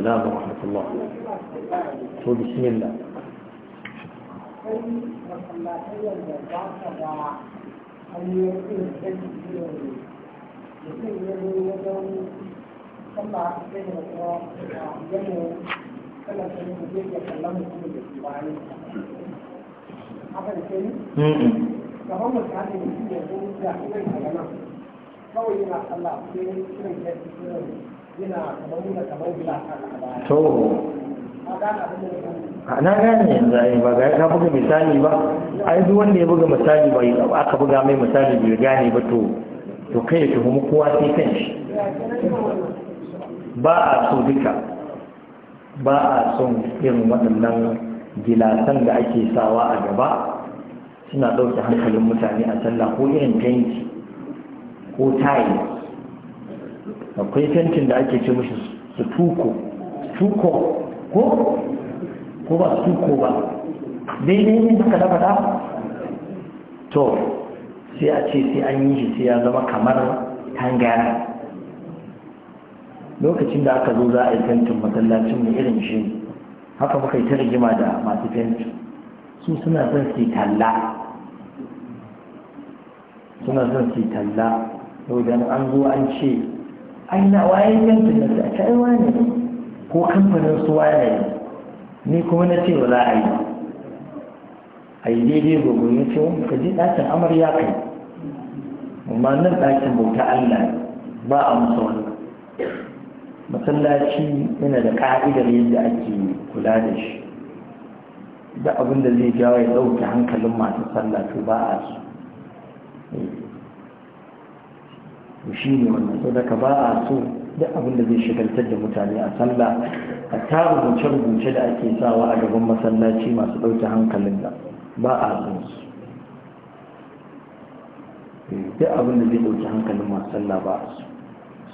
السلام ورحمة الله تقول بسم الله أي hmm. to na gane yanzu ai ba ga ka buga misali ba ai duk wanda ya buga misali ba aka buga mai misali bai gane ba to to kai ya tuhumi kowa sai kan shi ba a so duka ba a son irin waɗannan gilasan da ake sawa a gaba suna ɗauke hankalin mutane a sallah ko irin tanki ko tayi akwai fentin da ake ce mashi su tuko tuko ko ko ba su tuko ba daidai ne suka dafa faɗa to sai a ce sai an yi shi sai ya zama kamar tangara lokacin da aka zo za a yi fentin matsalacin mai irin shi haka muka yi ta rigima da masu fenti su suna son su talla suna son su talla saboda an zo an ce aina wayan yankin da ta aka aiwa ne ko kamfanin su waye ni kuma na ce ba za a yi a yi daidai gobe ya ce wani oh, ka ji ɗakin amarya kai amma nan ɗakin bauta allah ba a musa wani. masallaci yana da ƙa'idar yadda ake kula da shi da abin da zai jawo ya ɗauke hankalin masu sallah to ba a su to shi ne wannan sau ba a so da abin da zai shigaltar da mutane a salla a ta rubuce-rubuce da ake sawa a gaban masallaci masu ɗauke hankalin da ba a so su duk abin da zai ɗauke hankalin masu sallah ba a so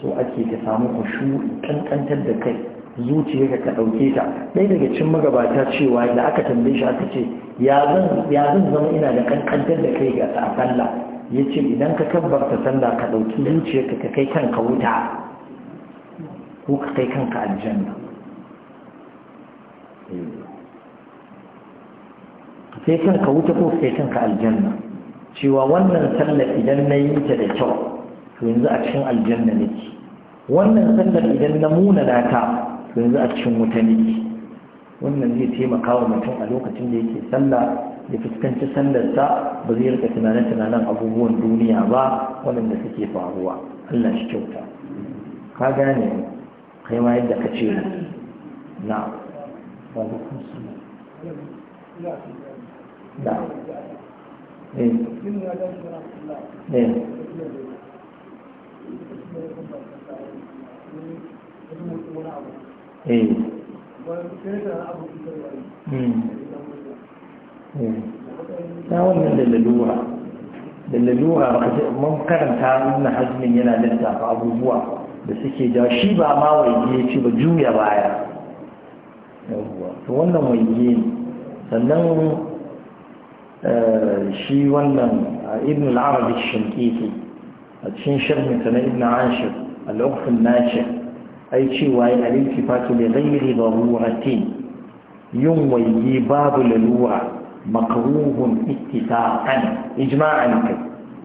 so ake ka samu kushu kankantar da kai zuciya ka ɗauke ta ɗaya daga cin magabata cewa da aka tambaye shi aka ce ya zan zama ina da kankantar da kai ga a sallah ya ce idan ka kabbarta sanda ka ɗauki zuciyarka ka kai kanka wuta ko ka kai kanka aljanna ka kai kanka wuta ko ka kai kanka aljanna cewa wannan sallar idan na yi ta da kyau to yanzu a cikin aljanna nake wannan sallar idan na muna ta to yanzu a cikin wuta nake wannan zai taimaka wa mutum a lokacin da yake sallah da fuskanci sallarsa ba zai rika tunanen-tunanen abubuwan duniya ba waɗanda suke faruwa Allah shi kyauta ka gane kai ma yadda ka ce na eh eh eh hmm. Hmm. na wannan da lalura da lalura man karanta nuna hajjimin yana littafa abubuwa da suke jawo shi ba ma waje ya ce ba juya baya to wannan waje ne sannan eh, shi wannan eh, ibn al-arabi shinkiti a cikin shirinsa na ibn ashir al-ukfin nashir ai cewa ya alififatu da gairi da yin waje babu lalura مكروه اتفاقا اجماعا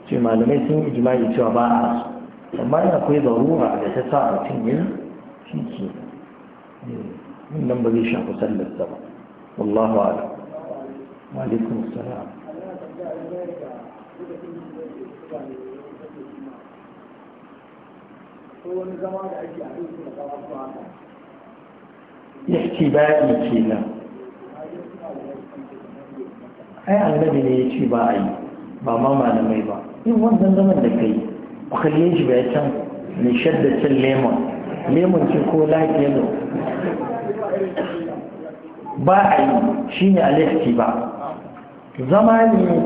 كي ما لم يسمى اجماع اتفاقا وما يقول ضرورة على حسارة من في سورة من نبغي شاق سلة الزبا والله أعلم وعليكم السلام هو من زمان أجي أحيث من قرار سعادة احتبائي كي ai annabi ne ya ce ba a yi ba ma malamai ba yin wannan zaman da kai ku kalle shi ya can mai shadda cin lemon lemon ce ko lafiya ne ba a yi shi ne alifti ba zama ne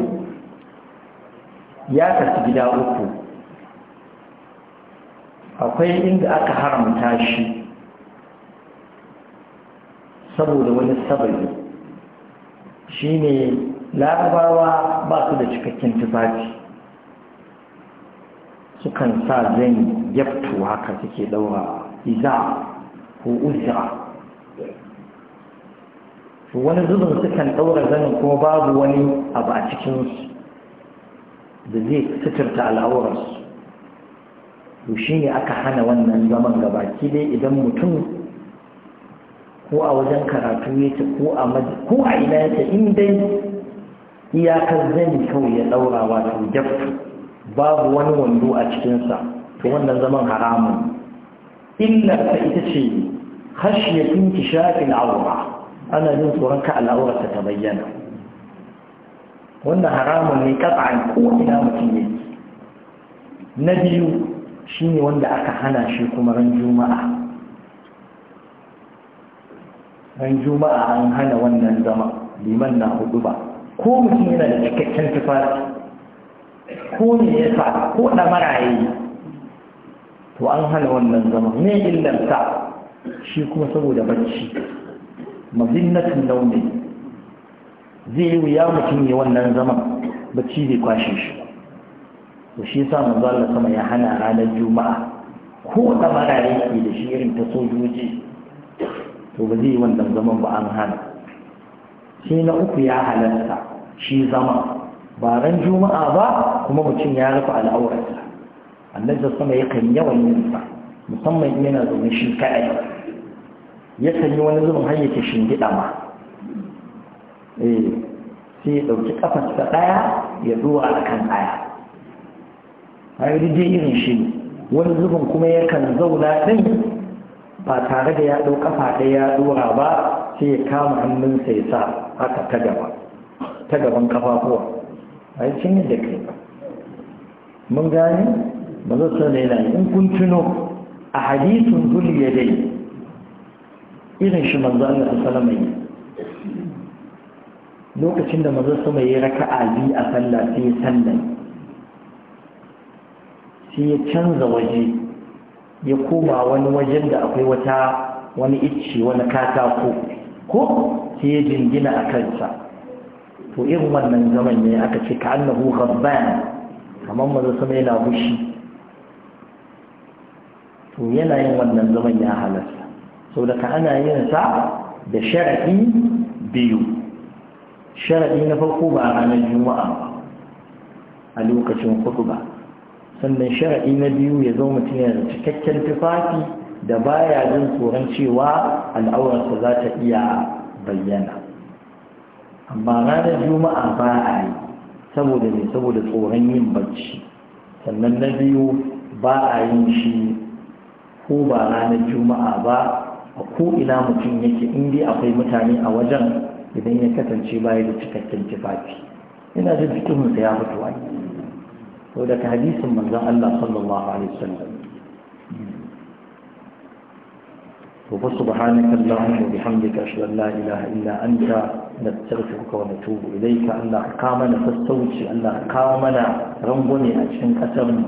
ya kasu gida uku akwai inda aka haramta shi saboda wani sababi shi ne larabawa ba su da cikakken tufafi sukan sa zan yaftu haka suke daura iza ko uzira wani zubin su kan ɗaura zanin ko babu wani abu a cikinsu da zai suturta al'aurarsu to shi ne aka hana wannan zaman gabaki dai idan mutum ko a wajen karatu yake ko a ina ce in dai iyakar zani kawai ya daura wato jaf babu wani wando a cikinsa to wannan zaman haramun illa ta ita ce khashyatin shafin awra ana jin tsoron ka al'aura ta ta bayyana wannan haramun ne kat'an ko ina mutum ne. na biyu shine wanda aka hana shi kuma ran juma'a ran juma'a an hana wannan zama liman na hudu ba ko mutum yana da cikakken tufafi ko ne ya sa ko da maraye to an hana wannan zama ne illanta shi kuma saboda bacci mazinnatun launi zai yi wuya mutum ya wannan zaman bacci zai kwashe shi to shi yasa manzo Allah sama ya hana ranar juma'a ko da maraye ke da shi irin ta sojoji to ba zai yi wannan zaman ba an hana sai na uku ya halarta shi zama ba ran juma'a ba kuma mutum ya rufe al'aurarsa annabi sama yakan yawan yin sa musamman yana zaune shi kaɗai ya sanyi wani zubin har ta shingiɗa ma eh sai ya ɗauki ƙafarsa ɗaya ya zuwa a kan ɗaya a yi dai irin shi wani zubin kuma yakan zauna ɗin ba tare da ya ɗau ƙafa ɗaya ya ɗora ba sai ya kama hannunsa ya sa aka ta gaba ta gaban kafafuwa a yi cin yadda ke mun gani ba zai sanar yana in kun tuno a hadisun zuli ya dai irin shi manzo Allah sallallahu yi. lokacin da manzo sama ya raka'a bi a sallah sai sallah sai ya canza waje ya koma wani wajen da akwai wata wani icci wani katako ko sai ya jingina a kansa to irin wannan zaman ne aka ce ka annahu gabban kamar maza sama yana bushi to yana yin wannan zaman ya halarta sau da ka ana yin sa da sharaɗi biyu sharaɗi na farko ba a ranar juma'a a lokacin hudu ba sannan sharaɗi na biyu ya zo mutum yana da cikakken tufafi da baya jin tsoron cewa al'aurarsa za ta iya bayyana amma ranar juma'a ba a yi saboda ne saboda tsoron yin bacci sannan na biyu ba a yin shi ko ba ranar juma'a ba a ko'ina mutum yake inda akwai mutane a wajen idan ya kasance baya da cikakken tufafi ina jin cikinsa ya fito a yi saboda hadisin manzon Allah sallallahu alaihi wasallam وسبحانك اللهم وبحمدك أشهد أن لا إله إلا أنت نستغفرك ونتوب إليك أن أحكامنا تستوشي أن أحكامنا رنبني أجن كسرنا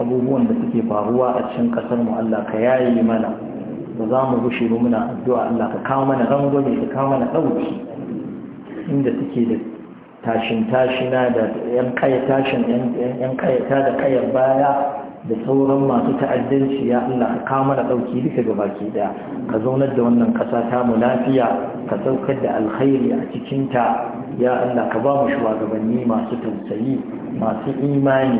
أبوهون لتكي فاروا أجن كسرنا ألا كياي منا وزام بشير منا الدعاء ألا كامنا رنبني كامنا أوشي إن تكي tashin tashina da yan kai tashin yan kai ta da kayar baya da sauran masu ta'addanci ya Allah ka kama da ɗauki duka ga baki ɗaya. ka zaunar da wannan ƙasa ta mu lafiya ka saukar da alkhairi a cikinta ya Allah ka ba mu shugabanni masu tausayi masu imani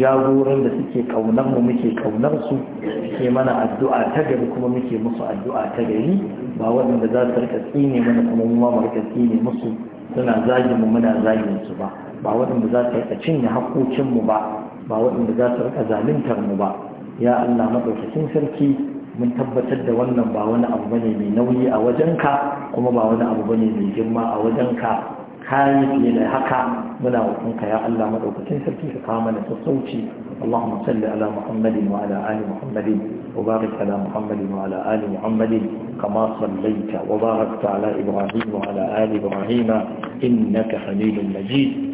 jagoran da suke kaunar mu muke kaunar su suke mana addu'a ta gari kuma muke musu addu'a ta gari ba waɗanda za su rika tsine mana kuma mu ma rika tsine musu suna zagin mu muna zagin su ba ba waɗanda za su rika cinye haƙoƙin mu ba ba waɗanda za su rika zaluntar mu ba ya Allah maɗaukakin sarki mun tabbatar da wannan ba wani abu bane mai nauyi a wajenka kuma ba wani abu bane mai girma a wajenka kayi fiye da haka muna roƙonka ya Allah maɗaukakin sarki ka kawo mana sassauci اللهم صل على محمد وعلى آل محمد وبارك على محمد وعلى آل محمد كما صليت وباركت على إبراهيم وعلى آل إبراهيم إنك حميد مجيد